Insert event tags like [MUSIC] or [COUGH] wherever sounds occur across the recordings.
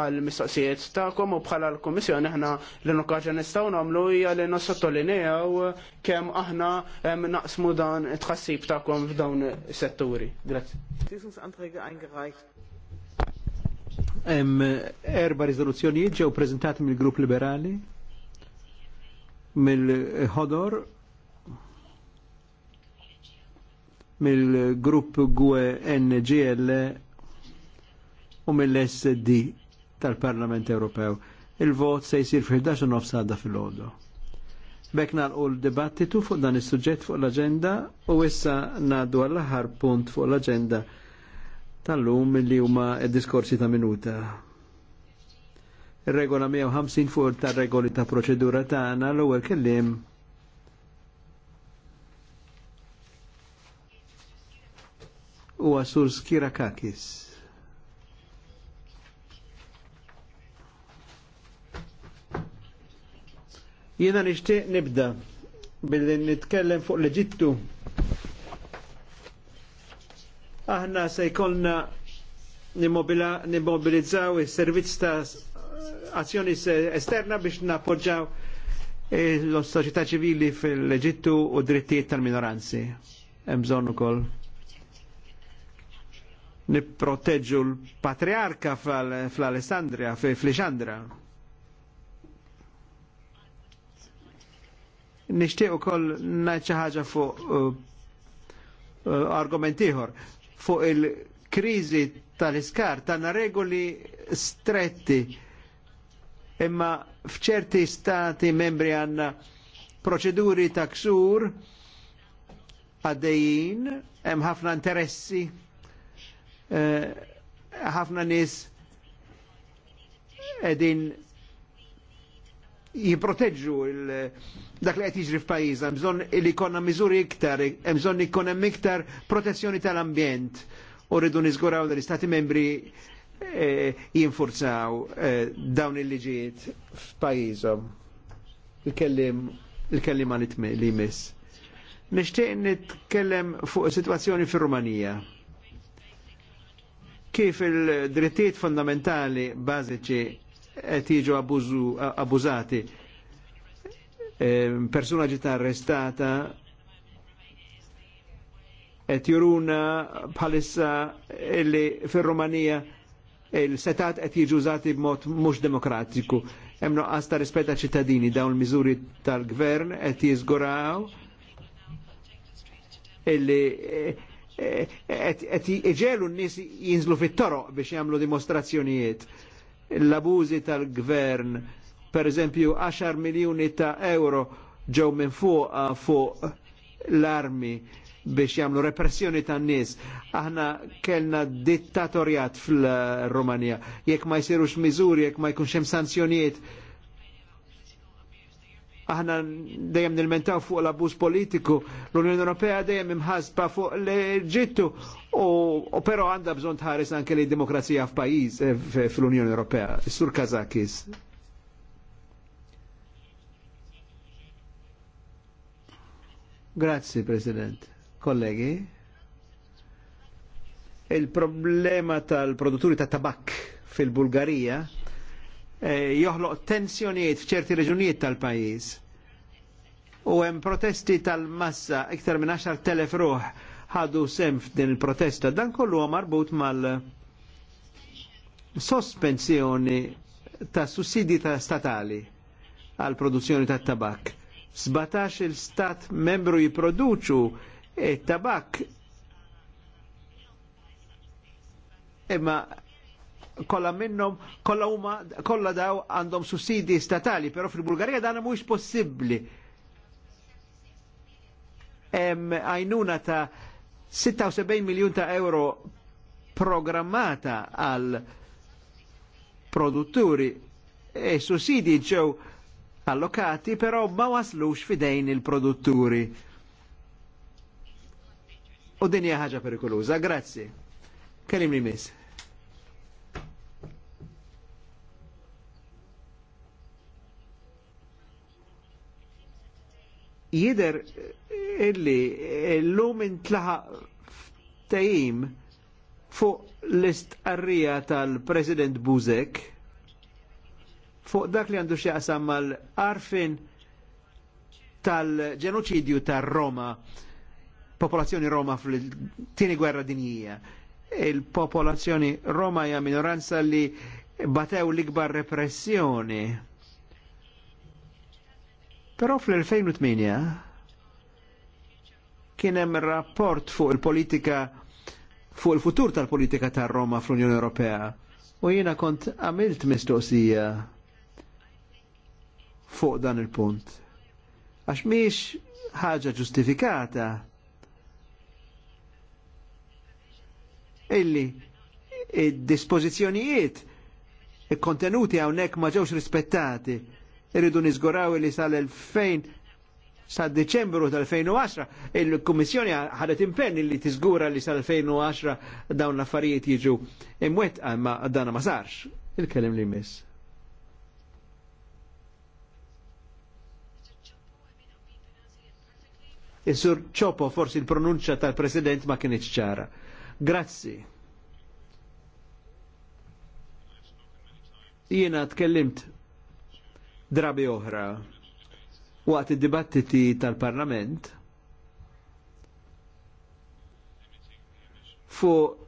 għal-mistoqsijiet ta'kom u bħala l-Komissjoni aħna l-nukkaġa nistaw namlu hija li nosottolinejaw kemm aħna naqsmu dan tħassib ta'kom f'dawn setturi. Grazie. Erba riżoluzzjonijiet ġew preżentati mill-Grupp Liberali, mill-Ħodor, mill-Grupp GUE NGL e u mill-SD tal-Parlament Ewropew. Il-vot se jisir fil-11 nofsada fil-ħodu. Bekna l l-dibattitu fuq dan is suġġett fuq l-agenda u issa naddu għall-aħar punt fuq l-agenda tal-lum li huma diskorsi ta' minuta. Il-regola 150 fuq ta' regoli ta' proċedura tagħna l-ewwel kellim u għasur skira kakis. Jiena nixtieq nibda billi nitkellem fuq l-Eġittu. Aħna se jkollna nimmobilizzaw is-servizz ta' azzjoni esterna biex nappoġġaw eh, l-soċjetà ċivili fil-Eġittu u drittijiet tal-minoranzi. Hemm bżonn ukoll nipproteġu l-patriarka fl-Alessandria, fl-Alessandra. fl alessandria fl ixandra fl Nixtieq ukoll ngħid xi ħaġa fuq uh, argument ieħor fuq il-kriżi tal-iskar tagħna regoli stretti imma f'ċerti stati membri għandna proċeduri ta' ksur għaddejjin, hemm ħafna interessi, eh, ħafna eh, nies edin jiproteġġu dak li qed jiġri f'pajjiżna, bżonn li jkollna miżuri iktar, hemm bżonn ikun hemm iktar protezzjoni tal-ambjent u rridu niżguraw li l-Istati membri eh, jinfurzaw eh, dawn il-liġijiet f'pajjiżhom. Il-kellim il-kellim li jmiss. Nixtieq nitkellem fuq is-sitwazzjoni fir-Rumanija kif il-drittijiet fondamentali bażiċi tiġu abbużati. E, persuna ġita arrestata et juruna bħalissa illi fil rumanija il-setat et jiġu użati b'mod mux demokratiku. Emno noqqas rispetta ċittadini dawn il mizuri tal-gvern et jiżguraw illi et e, e, iġelu n nis jinżlu fit toro biex jamlu dimostrazzjonijiet l-abużi tal-gvern, per eżempju 10 miljoni ta' euro ġew minn fuq eh, fuq l-armi biex jamlu repressjoni tan nies Aħna kellna dittatorjat fl romania Jekk ma jsirux miżuri, jekk ma jkunx hemm sanzjonijiet, aħna dejjem nilmentaw fuq l-abbuż politiku. L-Unjoni Ewropea dejjem imħasba fuq l-ġittu u però għandha bżonn tħares anke li demokrazija f'pajjiż eh, fl-Unjoni Ewropea. Sur Kazakis. Grazzi, President. Kollegi, il-problema tal-produtturi ta' tabak fil-Bulgarija Eh, joħloq tensjonijiet f'ċerti reġunijiet tal-pajis. U hemm protesti tal-massa iktar minn 10,000 ruħ ħadu sem f'din il-protesta. Dan kollu huwa marbut mal-sospensjoni ta' sussidi ta' statali għal produzzjoni ta' tabak. 17 il-stat membru jiproduċu e tabak imma e kolla minnom, kolla huma, kolla daw għandhom sussidi statali, pero fil-Bulgarija dan mhuwiex possibbli. Għajnuna ta' 76 miljun ta' euro programmata għal produtturi e sussidi ġew allokati, però ma waslux fidejn il-produtturi. U dinja ħaġa perikoluża, grazzi. Kelim li miss. jider illi l-lum intlaħa tajim fuq l-istqarrija tal-President Buzek fuq dak li għandu xieqsam mal-arfin tal-ġenoċidju tal-Roma, popolazzjoni Roma fl-tini gwerra dinjija. Il-popolazzjoni Roma hija minoranza li batew l-ikbar repressjoni Però fl-2008 kien hemm rapport fuq il-politika fuq il-futur tal-politika tar-Roma fl-Unjoni Ewropea u jiena kont għamilt mistoqsija fuq dan il-punt. Għax miex ħaġa ġustifikata illi id-dispożizzjonijiet il-kontenuti għawnek ma ġewx rispettati irridu nizguraw li sal-2000 sa' Deċembru tal-2010 il-Kummissjoni ħadet impenn li tiżgura li sal-2010 dawn l-affarijiet jiġu imwet ma dan ma sarx. Il-kelem li miss. Is-sur ċopo forsi l pronunċa tal-President ma kienieċ ċara. Grazzi. Jiena tkellimt drabi oħra waqt id-dibattiti tal-Parlament fuq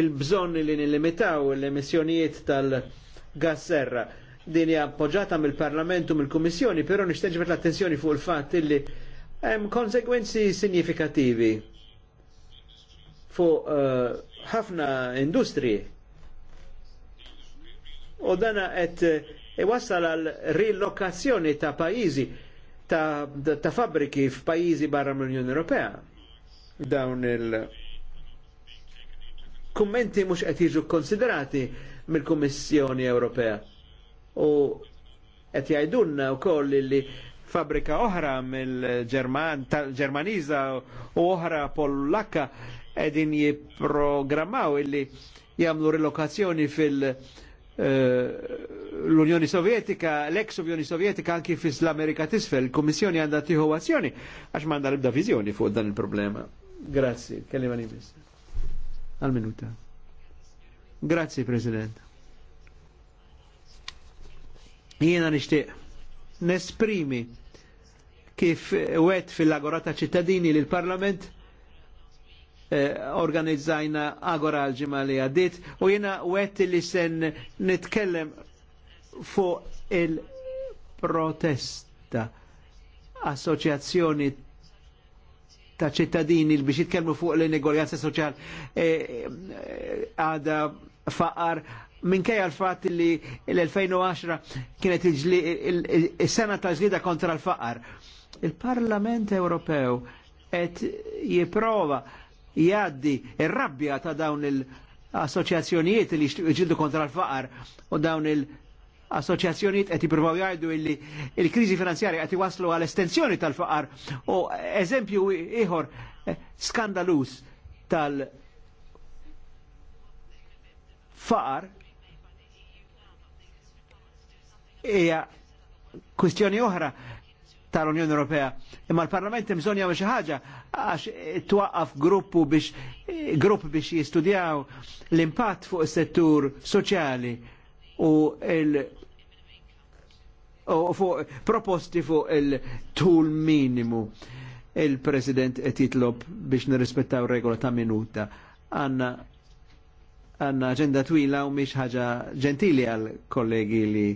il-bżonn li nilimitaw l-emissjonijiet tal-gas serra din hija appoġġata mill-Parlament u mill-Kummissjoni, però nixtieġbet l-attenzjoni fuq il-fatt illi hemm konsegwenzi sinifikattivi fuq eh, ħafna uh, industriji. U dana qed e wasal għal rilokazzjoni ta' pajjiżi ta', ta fabbriki f'pajjiżi barra mill-Unjoni Ewropea. Dawn il- kummenti mhux qed jiġu konsiderati mill-Kummissjoni Ewropea. U qed jgħidulna wkoll li fabrika oħra mill-Ġerman tal-Ġermaniża u oħra Pollakka qegħdin jipprogrammaw illi jagħmlu rilokazzjoni fil- uh, l-Unjoni Sovjetika, l-ex Unjoni Sovjetika anki fis-Amerika l tisfel, il-Kommissjoni għanda tieħu azzjoni għax manda l-ibda viżjoni fuq dan il-problema. Grazzi, kelli ma nimis. Għal minuta. Grazzi, President. Jena nixtieq nesprimi kif wet fil-agorata ċittadini li l-Parlament eh, organizzajna agora l ġimali li għaddit u jena wet li sen nitkellem fuq il-protesta assoċjazzjoni ta' ċittadini li biex jitkellmu fuq l-inegoljanza soċjal eh, eh, għada faqar minkej għal-fat li l-2010 kienet il-sena ta' ġlida kontra l-faqar. Il-Parlament Ewropew et jiprova jaddi il rabbja ta' dawn il-assoċjazzjonijiet li ġildu kontra l-faqar u dawn il- assoċjazzjoniet qed jippruvaw jgħidu illi il-kriżi finanzjarja qed iwaslu għal estensjoni tal-faqar u eżempju ieħor eh, skandalus tal- faqar hija kwistjoni oħra tal-Unjoni Ewropea. Imma l-Parlament imżonja jagħmel xi ħaġa għax twaqqaf gruppu biex grupp biex jistudjaw l-impatt fuq is-settur soċjali u l fuq proposti fuq il-tul minimu. Il-President qed jitlob biex nirrispettaw regola ta' minuta. Għanna għanna ġenda twila u miex ħaġa ġentili għal kollegi li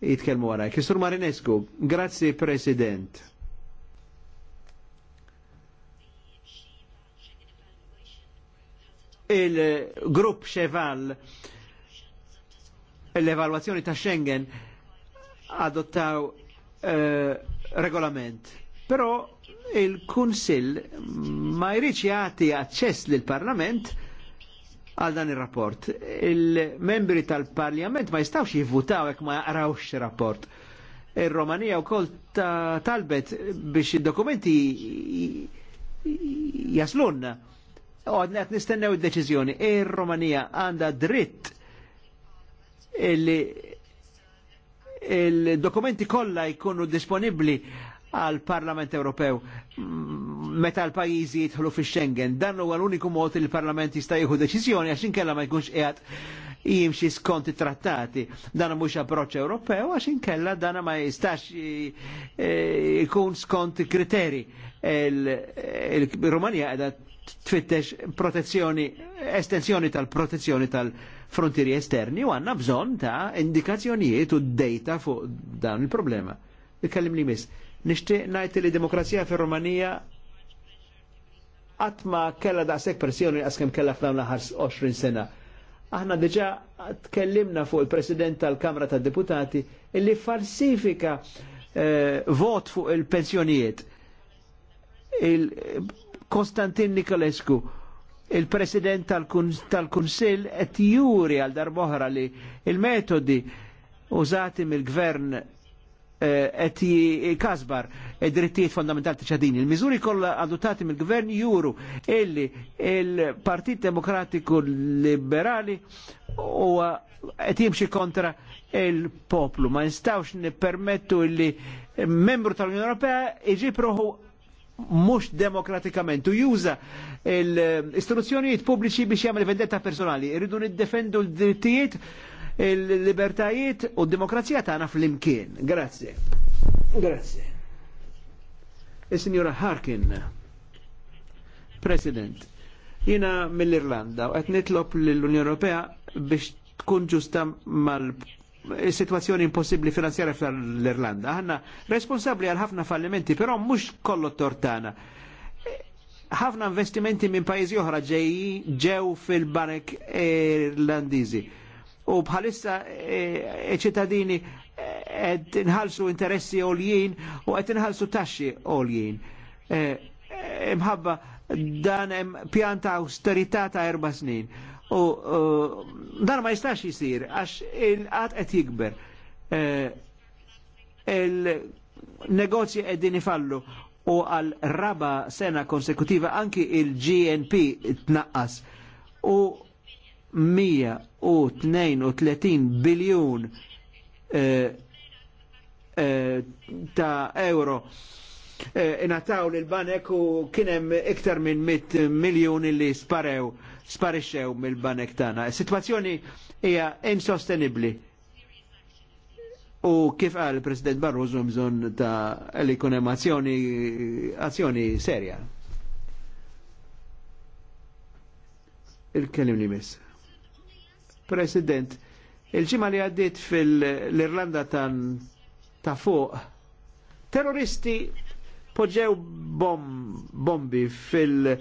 jitkelmu għaraj. Kristur Marinescu, grazzi President. Il-grupp Cheval l-evaluazzjoni ta' Schengen adottaw eh, regolament. Però il-Kunsill ma jridx jagħti aċċess lill parlament għal dan ir-rapport. Il membri tal-Parlament ma jistawx jivvutaw jekk ma jaqrawx rapport. Ir-Romanija wkoll ta talbet biex id-dokumenti jaslunna. Għadna nistennew id-deċizjoni. ir romania għanda dritt il-dokumenti kollha jkunu disponibbli għal Parlament Ewropew mm, meta l-pajjiżi jidħlu fi Schengen. Dan huwa l-uniku mod li l-Parlament jista' jieħu deċiżjoni għax inkella ma jkunx qiegħed jimxi skont trattati. Dan mhux approċċ Ewropew għax inkella dan ma jistax eh, eh, jkun skont kriteri. Il-Rumanija qiegħda tfittex protezzjoni, estensjoni tal-protezzjoni tal-protezzjoni frontieri esterni u għanna bżon ta' indikazzjonijiet u data fuq dan il-problema. Ikkellim li mis, nishti najt li demokrazija fir romanija għatma kella da' sek pressjoni għaskem kella f'dawn laħar 20 sena. Aħna deġa tkellimna fuq il-President tal-Kamra tad-Deputati illi falsifika eh, vot fuq il-pensjonijiet. Il-Konstantin Nikolescu il-President tal kunsil et juri għal darboħra li il-metodi użati mill-Gvern et eh, kasbar id-drittijiet fondamentali ċadini. il mizuri kollha adottati mill-gvern juru illi il-Partit Demokratiku Liberali u qed jimxi kontra il-poplu. Ma nistawx nippermettu illi membru tal-Unjoni Ewropea iġi proħu mux demokratikament u juża l-istruzzjonijiet pubbliċi biex jagħmel vendetta personali. Irridu niddefendu l-drittijiet, l-libertajiet u d-demokrazija tagħna fl-imkien. Grazie. Grazie. Il-Sinjora Harkin, President, jina mill-Irlanda u qed nitlob l-Unjoni Ewropea biex tkun ġusta mal situazzjoni impossibli finanzjarja fl-Irlanda. Għanna responsabli għal ħafna fallimenti, però mhux kollu tortana. Ħafna investimenti minn pajjiżi oħra ġew fil-banek Irlandiżi. U bħalissa e, e, ċittadini e, qed inħalsu interessi għoljien u qed inħalsu taxxi għoljien. Imħabba dan hemm pjanta austerità ta' erba' snin U dan ma jistax jisir, għax il għat qed jikber. E, il-negozji qegħdin ifallu u għal raba sena konsekutiva anki il-GNP tnaqqas u 132 biljun e, e, ta' euro Eh, inataw l banek u kienem iktar minn 100 miljon li sparew, sparixxew mill-banek tana. Situazzjoni hija insostenibli. U kif għal President Barroso mżon ta' li kunem azzjoni, azzjoni serja. Il-kellim li mis. President, il-ġimma li għaddit fil-Irlanda ta' fuq, terroristi poġġew bom, bombi fil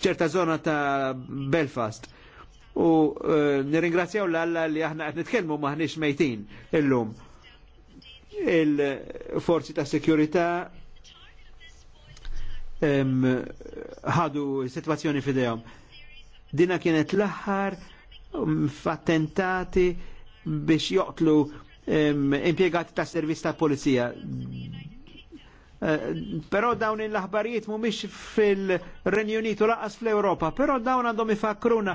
ċerta zona ta' Belfast. U uh, nirringrazzjaw l-Alla li aħna qed nitkellmu maħniex mejtin illum. Il-forzi ta' sekurità ħadu situazzjoni fidejhom. Dina kienet l-aħħar f'attentati biex joqtlu impiegati ta' servizz ta' polizija. Eh, però dawn il-aħbarijiet mhumiex fil-Renju Unitu laqas fl-Ewropa, però dawn għandhom ifakruna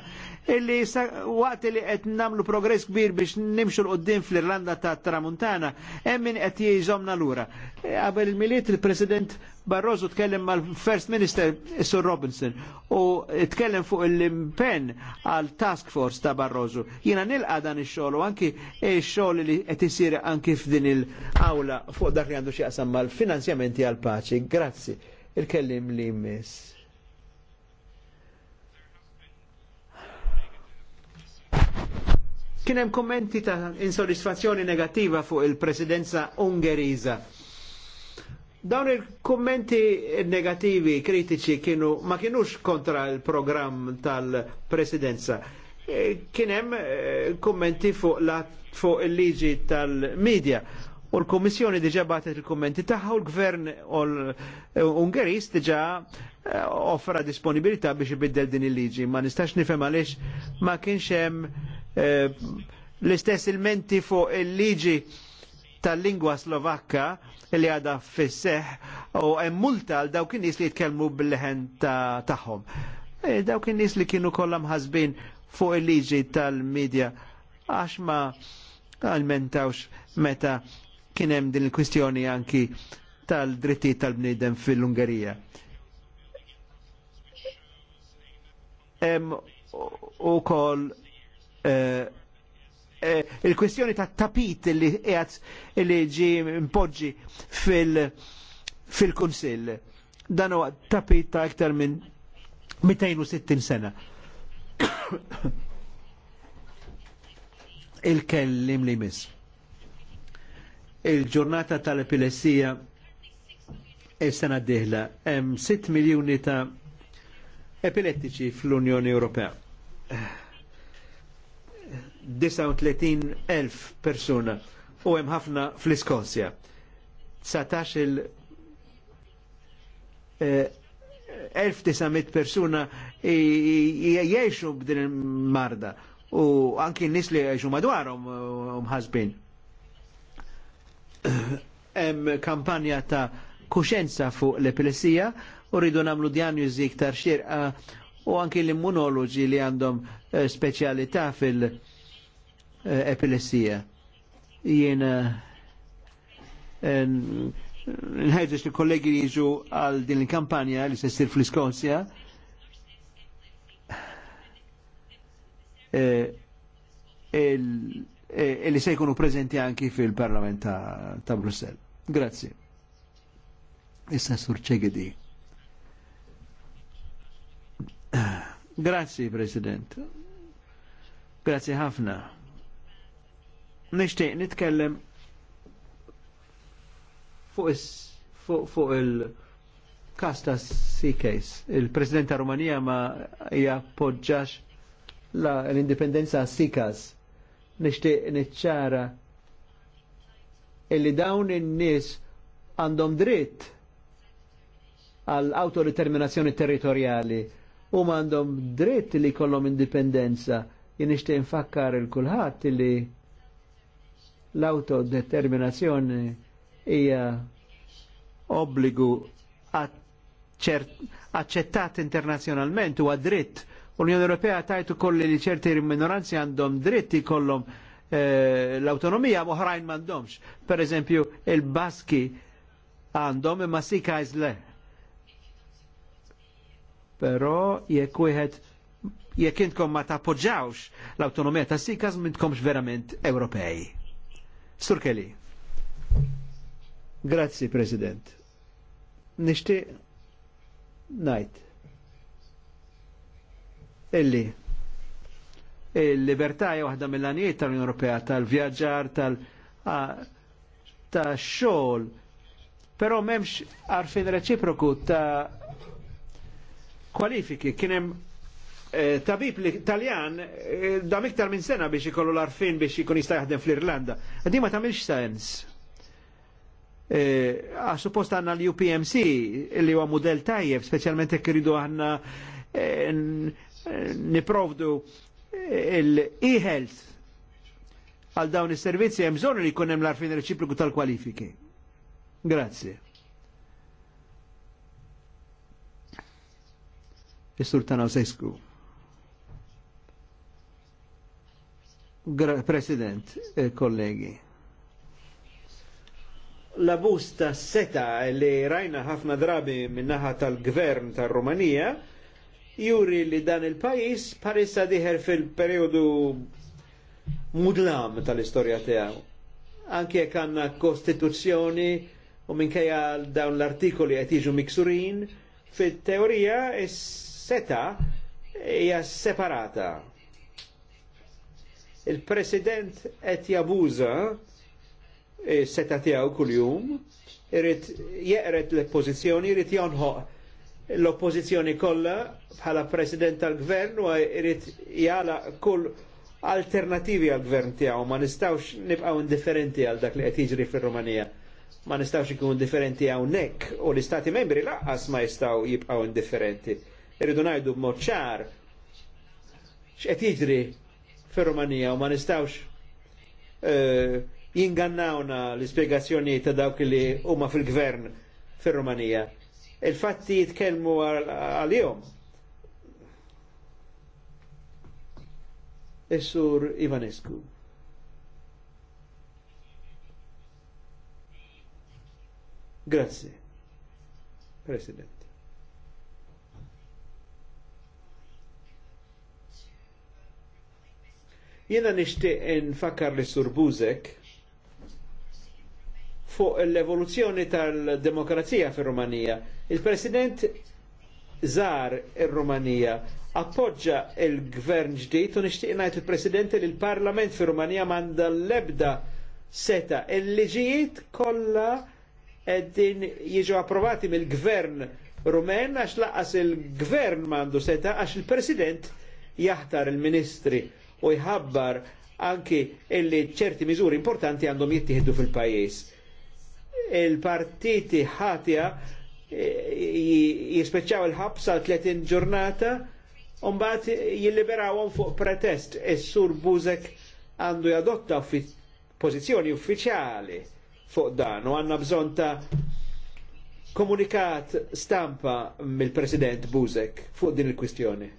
illi waqt li qed nagħmlu progress kbir biex nimxu l qoddim fl-Irlanda ta' Tramuntana, hemm min qed jiżomna lura. Eh, qabel il-miliet il-President Barroso tkellem mal-First Minister Sir Robinson u tkellem fuq l-impen għal task force ta' Barroso. Jina nilqa dan ix-xogħol u anki il xogħol li qed isir anki f'din il-awla fuq dak li għandu x'jaqsam mal-finanzjamenti għal paċi. Grazzi. Il-kellim li miss. Kien hemm kommenti ta' insoddisfazzjoni negattiva fuq il-presidenza Ungheriza. Dawn il-kommenti negativi, kritiċi, kienu, ma kienux kontra il-programm tal-presidenza. E, kienem e, kommenti fuq fu il-liġi tal-medja. U l-Komissjoni diġa batet il-kommenti taħħa u l-Gvern e, Ungeris diġa offra disponibilità biex ibiddel din il-liġi. Ma nistax nifhem għaliex ma kienx hemm l-istess il-menti fuq il-liġi tal-lingwa slovakka li għada fisseħ u hemm multa għal dawk in-nies li jitkellmu bil-leħen tagħhom. E, dawk in-nies li kienu kollha mħasbin fuq il-liġi tal-medja għax ma għalmentawx meta kien hemm din il-kwistjoni anki tal-dritti tal-bniedem fil-Ungerija. Hemm ukoll eh, Eh, il-kwestjoni ta' tapit li għat li ġi mpoġġi fil-Kunsill. Dan huwa tapit ta' iktar minn 260 sena. [COUGHS] Il-kellim li mis. Il-ġurnata tal-epilessija il sena d-dieħla hemm 6 miljuni ta' epilettiċi fl-Unjoni Ewropea 39.000 persuna u hemm ħafna fl-Iskozja. 19 1900 persuna jiexu b'din il-marda u anki n-nis li jiexu madwarhom eh, mħazbin. Um [CLEARS THROAT] hemm kampanja ta' kuxenza fuq l-epilessija u rridu namlu djanjużi iktar xirqa u anki l-immunologi li għandhom eh, speċjalità fil- Eh, epilessija. Jiena eh, nħedġex li kollegi li jiġu għal din il-kampanja li se sir fl-Iskozja. Eh, li se jkunu prezenti anki fil-Parlament ta' Brussel. Grazie. Issa sur ċegedi. Grazie, President. Grazie Hafna nishtiq nitkellem fuq is fuq fu il kasta ta' C-Case. Il-President ta' Rumanija ma jappoġġax l-indipendenza sikas nishtiq Nixtieq niċċara illi dawn in-nies għandhom dritt għal autodeterminazzjoni territoriali u għandhom dritt li kollom indipendenza jenishti nfakkar il-kulħat li L-autodeterminazzjoni hija obbligu accettat internazzjonalment u dritt. L-Unjoni Ewropea tajtu kolli li ċerti minoranzi għandhom dritt ikollhom eh, l-autonomija u ħrajn m'għandhomx. Per eżempju, il-Baski għandhom imma sika le. Però jekk wieħed jekk intkom ma tappoġġawx l-autonomija ta' sikas mintkomx verament Ewropej. Sur Kelly. Grazzi, President. Nishti najt. Illi. Il-libertà hija waħda mill-għanijiet tal-Unjoni Ewropea tal-vjaġġar tal-xogħol. ta' Però m'hemmx għarfien reċiproku ta' kwalifiki kien hemm Eh, tabib li taljan eh, da miktar minn sena biex ikollu l-arfin biex ikun jista' jaħdem fl-Irlanda. Għaddi ma tamilx sens. Eh, għax suppost għanna l-UPMC li huwa model tajjeb, specialment jekk iridu għanna niprovdu l-e-health għal dawn is-servizzi hemm bżonn li jkun hemm l-arfin reċipliku tal-kwalifiki. Grazzi. Is-Sur Tanawsescu. President, eh, kollegi. La busta seta li rajna ħafna drabi minnaħa tal-gvern tal-Rumanija juri li dan il-pajis parissa diħer fil-periodu mudlam tal-istoria tiegħu. Anke jekk għandna kostituzzjoni u minkejja dawn l-artikoli qed jiġu miksurin, fit-teorija is-seta hija separata Il-President qed jabuza eh, seta tiegħu kuljum, irid jeqret l oppozizjoni irrit jonħo l-oppożizzjoni kollha bħala President tal-Gvern u irrit jala kull alternativi għal-gvern tiegħu ma nistawx nibqgħu indifferenti għal dak li qed jiġri fir-Rumanija. Ma nistawx ikun għaw hawnhekk u l-istati membri laqqas ma jistgħu jibqgħu indifferenti. Irridu ngħidu b'mod ċar x'qed jiġri fir-Rumanija u ma nistawx e, jingannawna l-ispiegazzjoni ta' dawk li huma fil-gvern fir-Rumanija. Il-fatti jitkellmu għal-jom. Essur sur Ivanescu. Grazie, President. Jena nishtiq nfakkar li Sur Buzek fuq l-evoluzzjoni tal-demokrazija fir rumanija Il-President zar il-Rumanija appoġġa il-gvern ġdid u nixtieq ngħid il-President li l-Parlament fir rumanija m'għandha l-ebda seta. Il-liġijiet kollha qegħdin jiġu approvati mill-gvern rumen għax laqas il-gvern m'għandu seta għax il-President jaħtar il-Ministri u jħabbar anki illi ċerti miżuri importanti għandhom jittieħdu fil-pajjiż. Il-partiti ħatja e, jispeċċaw il-ħabsa 30 ġurnata u mbagħad jilliberawhom fuq pretest is-sur Buzek għandu jadotta fit pożizzjoni uffiċjali fuq dan u għandna bżonn ta' komunikat stampa mill-President Buzek fuq din il-kwistjoni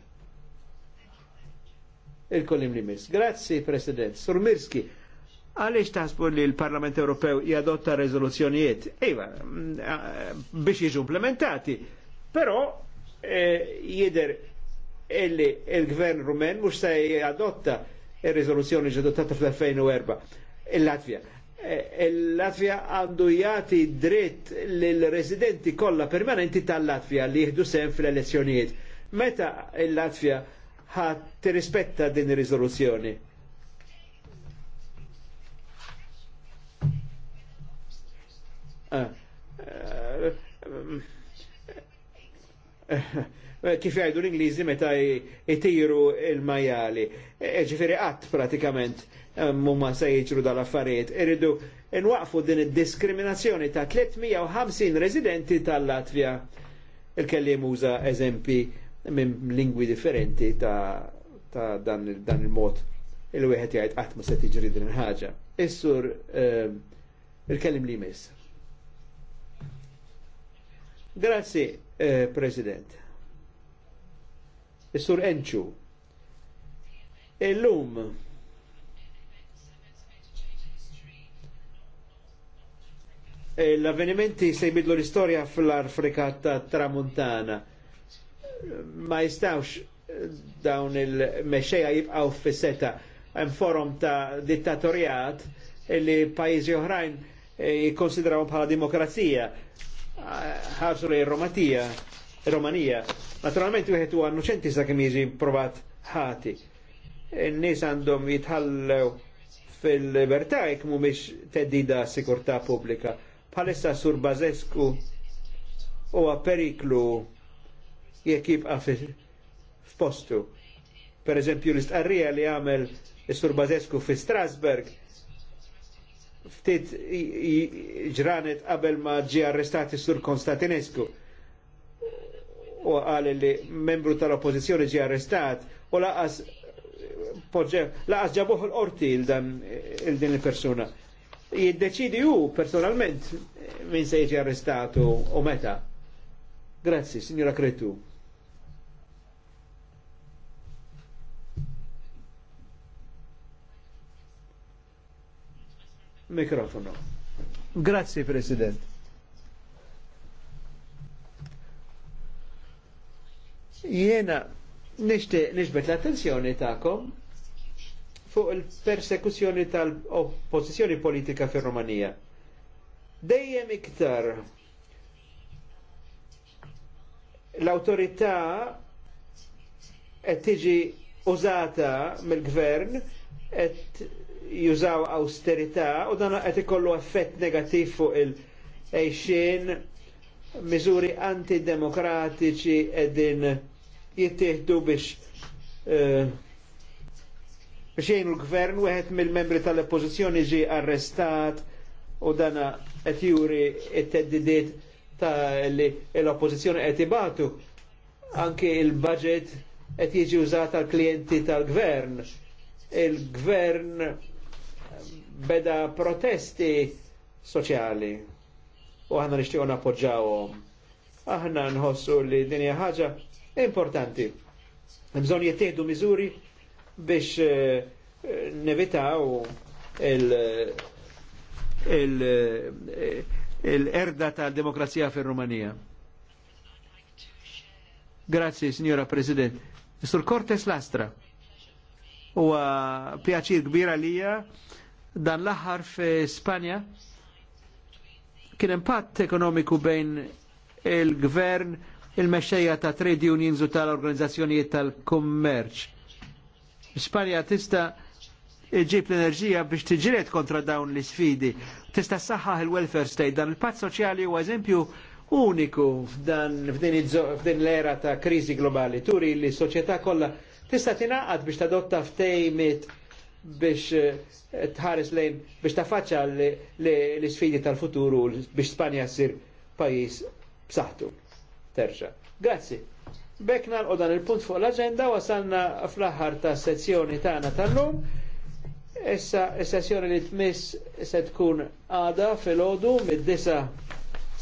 il kollim li mis. Grazzi, President. Sur Mirski, għalix taħsbu li l-Parlament Ewropew jadotta rezoluzzjonijiet? Iva, mm, biex jiġu implementati. Però eh, jider illi il-gvern rumen mux se jadotta il-rezoluzzjoni ġadottata fl-2004 il-Latvija. Eh, Il-Latvija għandu jati dritt l-residenti kolla permanenti tal-Latvija li jihdu sem fil-elezzjonijiet. Meta il-Latvija il latvija ħat tirrispetta din ir-riżoluzzjoni. Ah. Eh, eh, kif jgħidu l-Ingliżi meta jtiru il-majali, eh, ġifiri qatt pratikament mumma se jiġru dal-affarijiet. Irridu nwaqfu din id-diskriminazzjoni ta' 350 residenti tal-Latvja. Il-kellim uża eżempi minn lingwi differenti ta', ta dan, dan il-mod il-wieħed jgħid qatt ma se tiġri din il-ħaġa. Issur eh, il-kellim li jmiss. Grazzi, eh, President. Issur Enċu. Illum l-avvenimenti se jbidlu l-istoria fl-Afrika ta' Tramuntana ma jistawx dawn il-mexxejja jibqaw fis-seta hemm forum ta' dittatorjat li pajjiżi oħrajn eh, jikkonsidraw bħala demokrazija ħarsu li Romatija, Romanija. Naturalment wieħed huwa innoċenti sa kemm jiġi provat ħati. In-nies għandhom jitħallew fil-libertà jekk mhumiex teddida sikurtà pubblika. Bħalissa Sur Bazescu huwa periklu jek jibqa' f'postu. Per eżempju l-istqarrija li għamel is-Sur Bazescu fi Strasburg, ftit ġranet qabel ma ġi arrestati sur Konstantinesku. u għal li membru tal-oppozizjoni ġi arrestat u laqas laqas ġabuħ l-orti il-din il-persuna. Jiddeċidi u personalment min se jiġi arrestatu u meta. Grazzi, signora Kretu. Mikrofono. Grazzi, President. Jena nishti nixbet l-attenzjoni ta'kom fuq il-persekuzzjoni tal-oppozizjoni politika fir romania Dejjem iktar l-autorità qed tiġi użata mill-gvern qed jużaw austerità u dan qed ikollu effett negattiv fuq il ejxin miżuri antidemokratiċi edin jittieħdu biex eh, biex jgħinu l-gvern wieħed mill-membri tal-oppożizzjoni ġi arrestat u dana qed juri it teddidiet ta' li l-oppożizzjoni qed ibatu anke il-budget qed jiġi użat għal klijenti tal-gvern. Il-gvern beda protesti soċjali u aħna nixtiju nappoġġawhom. Aħna nħossu li dinja hija ħaġa importanti. Bżonn jittieħdu miżuri biex eh, nevitaw il-erda eh, tal-demokrazija fir-Rumanija. Grazie, signora President. Sur Cortes Lastra. Huwa pjaċir kbira lija Dan l-aħħar fi Spanja kien impatt ekonomiku bejn il-gvern il-mexxejja ta' trade unions u tal-organizzazzjonijiet tal-kummerċ. Spanja tista' iġib l-enerġija biex tiġiret kontra dawn l isfidi Tista' saħħaħ il-welfare state dan il-patt soċjali huwa eżempju uniku f'dan f'din l-era ta' kriżi globali. Turi li s-soċjetà kollha tista' tingħaqad biex tadotta ftejmit biex eh, tħares lejn biex tafaċċa l-sfidi tal-futuru biex Spanja ssir pajis b'saħħtu. Terġa. Grazzi. Bekna l il-punt fuq l-agenda wasalna fl-aħħar ta' sezzjoni tagħna tal-lum. Issa s-sessjoni li tmiss se tkun għada fil-ħodu mid-disa